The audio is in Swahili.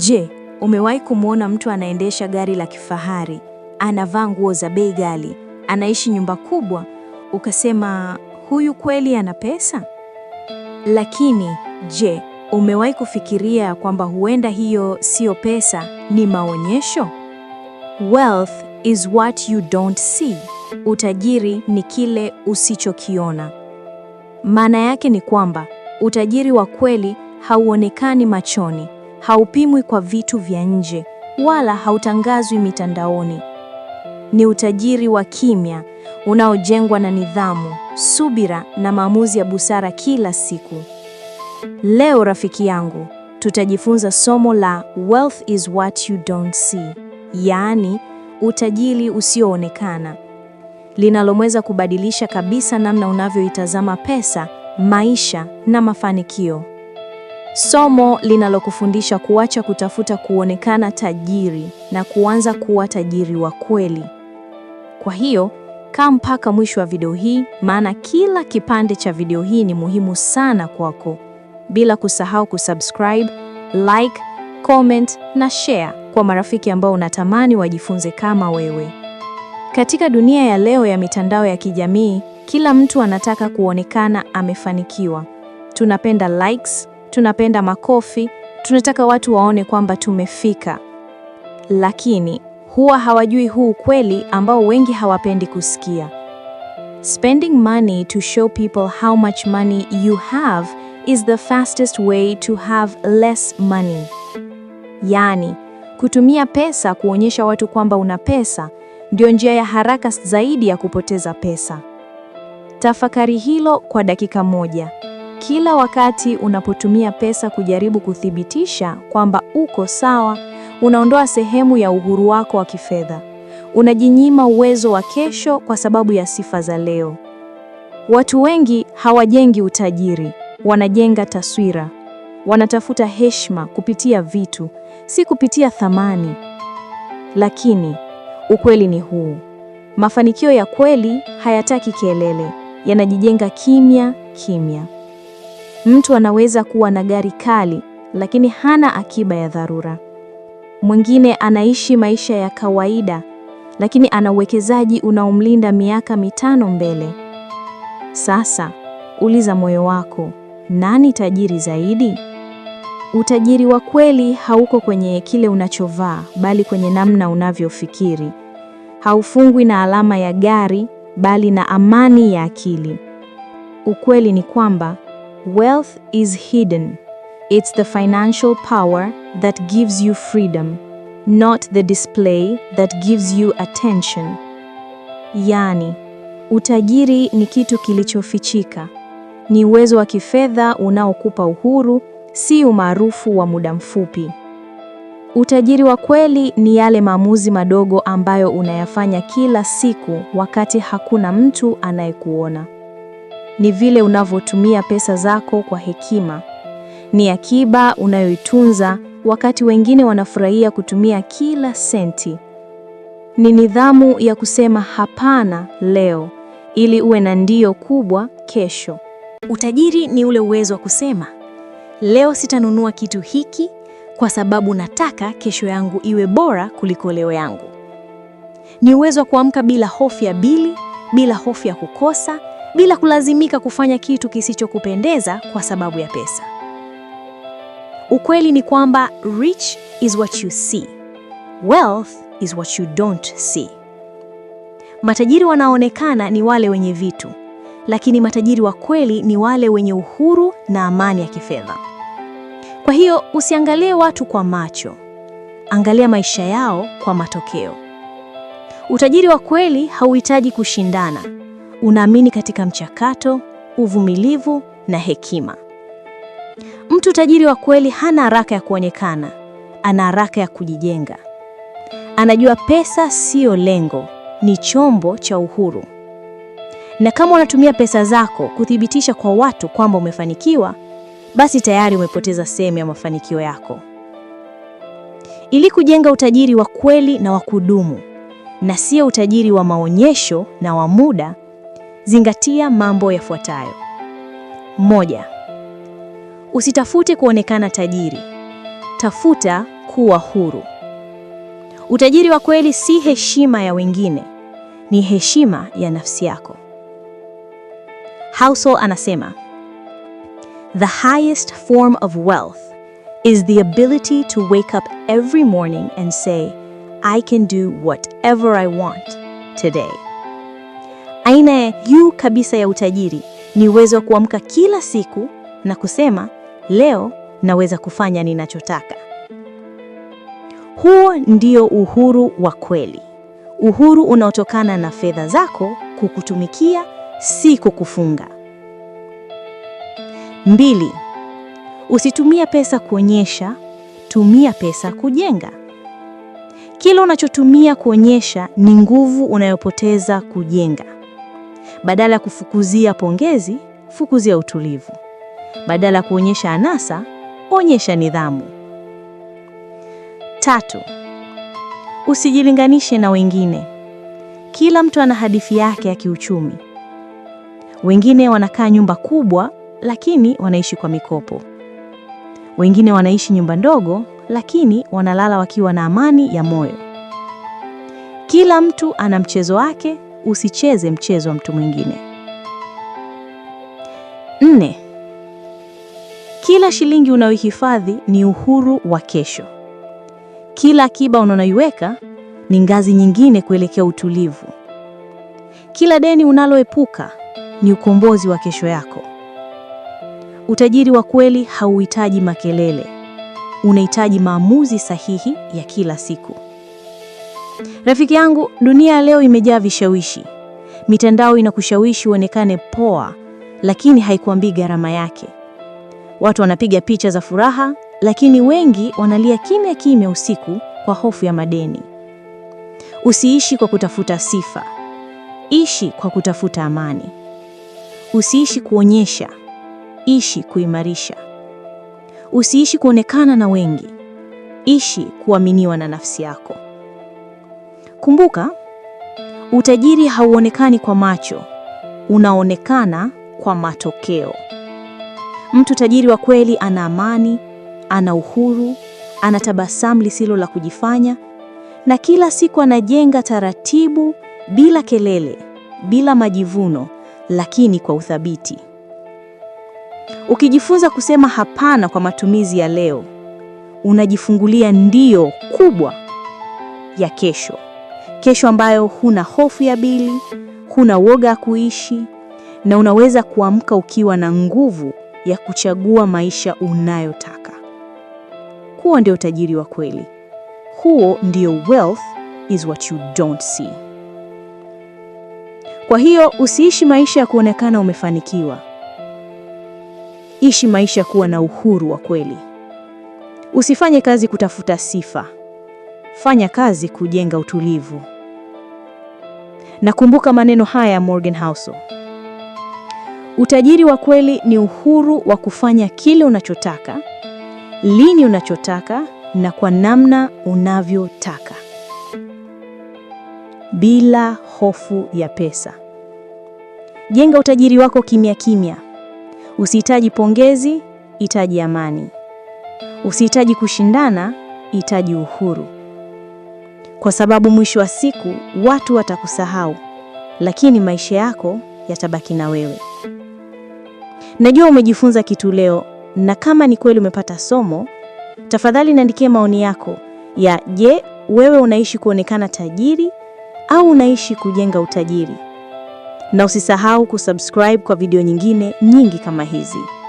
Je, umewahi kumwona mtu anaendesha gari la kifahari, anavaa nguo za bei ghali, anaishi nyumba kubwa, ukasema huyu kweli ana pesa? Lakini je, umewahi kufikiria kwamba huenda hiyo siyo pesa, ni maonyesho? Wealth is what you don't see. Utajiri ni kile usichokiona. Maana yake ni kwamba utajiri wa kweli hauonekani machoni haupimwi kwa vitu vya nje wala hautangazwi mitandaoni. Ni utajiri wa kimya unaojengwa na nidhamu, subira na maamuzi ya busara kila siku. Leo rafiki yangu, tutajifunza somo la wealth is what you don't see, yaani utajiri usioonekana, linaloweza kubadilisha kabisa namna unavyoitazama pesa, maisha na mafanikio. Somo linalokufundisha kuacha kutafuta kuonekana tajiri na kuanza kuwa tajiri wa kweli. Kwa hiyo, kaa mpaka mwisho wa video hii maana kila kipande cha video hii ni muhimu sana kwako. Bila kusahau kusubscribe, like, comment na share kwa marafiki ambao unatamani wajifunze kama wewe. Katika dunia ya leo ya mitandao ya kijamii, kila mtu anataka kuonekana amefanikiwa. Tunapenda likes tunapenda makofi, tunataka watu waone kwamba tumefika. Lakini huwa hawajui huu kweli ambao wengi hawapendi kusikia. Spending money to show people how much money you have is the fastest way to have less money. Yaani, kutumia pesa kuonyesha watu kwamba una pesa ndio njia ya haraka zaidi ya kupoteza pesa. Tafakari hilo kwa dakika moja. Kila wakati unapotumia pesa kujaribu kuthibitisha kwamba uko sawa, unaondoa sehemu ya uhuru wako wa kifedha. Unajinyima uwezo wa kesho kwa sababu ya sifa za leo. Watu wengi hawajengi utajiri, wanajenga taswira. Wanatafuta heshima kupitia vitu, si kupitia thamani. Lakini ukweli ni huu: mafanikio ya kweli hayataki kelele, yanajijenga kimya kimya. Mtu anaweza kuwa na gari kali lakini hana akiba ya dharura. Mwingine anaishi maisha ya kawaida lakini ana uwekezaji unaomlinda miaka mitano mbele. Sasa uliza moyo wako, nani tajiri zaidi? Utajiri wa kweli hauko kwenye kile unachovaa, bali kwenye namna unavyofikiri. Haufungwi na alama ya gari, bali na amani ya akili. Ukweli ni kwamba Wealth is hidden. It's the financial power that gives you freedom, not the display that gives you attention. Yani, utajiri ni kitu kilichofichika. Ni uwezo wa kifedha unaokupa uhuru, si umaarufu wa muda mfupi. Utajiri wa kweli ni yale maamuzi madogo ambayo unayafanya kila siku wakati hakuna mtu anayekuona ni vile unavyotumia pesa zako kwa hekima. Ni akiba unayoitunza wakati wengine wanafurahia kutumia kila senti. Ni nidhamu ya kusema hapana leo ili uwe na ndio kubwa kesho. Utajiri ni ule uwezo wa kusema leo sitanunua kitu hiki kwa sababu nataka kesho yangu iwe bora kuliko leo yangu. Ni uwezo wa kuamka bila hofu ya bili, bila hofu ya kukosa bila kulazimika kufanya kitu kisichokupendeza kwa sababu ya pesa. Ukweli ni kwamba rich is what you see. Wealth is what you don't see. Matajiri wanaonekana ni wale wenye vitu, lakini matajiri wa kweli ni wale wenye uhuru na amani ya kifedha. Kwa hiyo usiangalie watu kwa macho, angalia maisha yao kwa matokeo. Utajiri wa kweli hauhitaji kushindana unaamini katika mchakato, uvumilivu na hekima. Mtu tajiri wa kweli hana haraka ya kuonekana, ana haraka ya kujijenga. Anajua pesa siyo lengo, ni chombo cha uhuru. Na kama unatumia pesa zako kuthibitisha kwa watu kwamba umefanikiwa, basi tayari umepoteza sehemu ya mafanikio yako. Ili kujenga utajiri wa kweli na wa kudumu, na sio utajiri wa maonyesho na wa muda, zingatia mambo yafuatayo. Moja, usitafute kuonekana tajiri, tafuta kuwa huru. Utajiri wa kweli si heshima ya wengine, ni heshima ya nafsi yako. Husserl anasema, The highest form of wealth is the ability to wake up every morning and say, I can do whatever I want today. Aina ya juu kabisa ya utajiri ni uwezo wa kuamka kila siku na kusema leo naweza kufanya ninachotaka. Huo ndio uhuru wa kweli, uhuru unaotokana na fedha zako kukutumikia, si kukufunga. Mbili, usitumie pesa kuonyesha, tumia pesa kujenga. Kila unachotumia kuonyesha ni nguvu unayopoteza kujenga. Badala ya kufukuzia pongezi, fukuzia utulivu. Badala ya kuonyesha anasa, onyesha nidhamu. Tatu, usijilinganishe na wengine. Kila mtu ana hadithi yake ya kiuchumi. Wengine wanakaa nyumba kubwa lakini wanaishi kwa mikopo. Wengine wanaishi nyumba ndogo lakini wanalala wakiwa na amani ya moyo. Kila mtu ana mchezo wake usicheze mchezo wa mtu mwingine. Nne, kila shilingi unayohifadhi ni uhuru wa kesho. Kila akiba unayoiweka ni ngazi nyingine kuelekea utulivu. Kila deni unaloepuka ni ukombozi wa kesho yako. Utajiri wa kweli hauhitaji makelele, unahitaji maamuzi sahihi ya kila siku. Rafiki yangu, dunia leo imejaa vishawishi. Mitandao inakushawishi uonekane poa, lakini haikuambii gharama yake. Watu wanapiga picha za furaha, lakini wengi wanalia kimya kimya usiku kwa hofu ya madeni. Usiishi kwa kutafuta sifa, ishi kwa kutafuta amani. Usiishi kuonyesha, ishi kuimarisha. Usiishi kuonekana na wengi, ishi kuaminiwa na nafsi yako. Kumbuka, utajiri hauonekani kwa macho, unaonekana kwa matokeo. Mtu tajiri wa kweli ana amani, ana uhuru, ana tabasamu lisilo la kujifanya, na kila siku anajenga taratibu, bila kelele, bila majivuno, lakini kwa uthabiti. Ukijifunza kusema hapana kwa matumizi ya leo, unajifungulia ndio kubwa ya kesho kesho ambayo huna hofu ya bili, huna woga ya kuishi na unaweza kuamka ukiwa na nguvu ya kuchagua maisha unayotaka. Huo ndio utajiri wa kweli. Huo ndio wealth is what you don't see. Kwa hiyo usiishi maisha ya kuonekana umefanikiwa. Ishi maisha kuwa na uhuru wa kweli. Usifanye kazi kutafuta sifa fanya kazi kujenga utulivu. Nakumbuka maneno haya ya Morgan Housel: utajiri wa kweli ni uhuru wa kufanya kile unachotaka, lini unachotaka, na kwa namna unavyotaka, bila hofu ya pesa. Jenga utajiri wako kimya kimya. Usihitaji pongezi, hitaji amani. Usihitaji kushindana, hitaji uhuru kwa sababu mwisho wa siku watu watakusahau, lakini maisha yako yatabaki na wewe. Najua umejifunza kitu leo, na kama ni kweli umepata somo, tafadhali niandikie maoni yako ya je, wewe unaishi kuonekana tajiri au unaishi kujenga utajiri? Na usisahau kusubscribe kwa video nyingine nyingi kama hizi.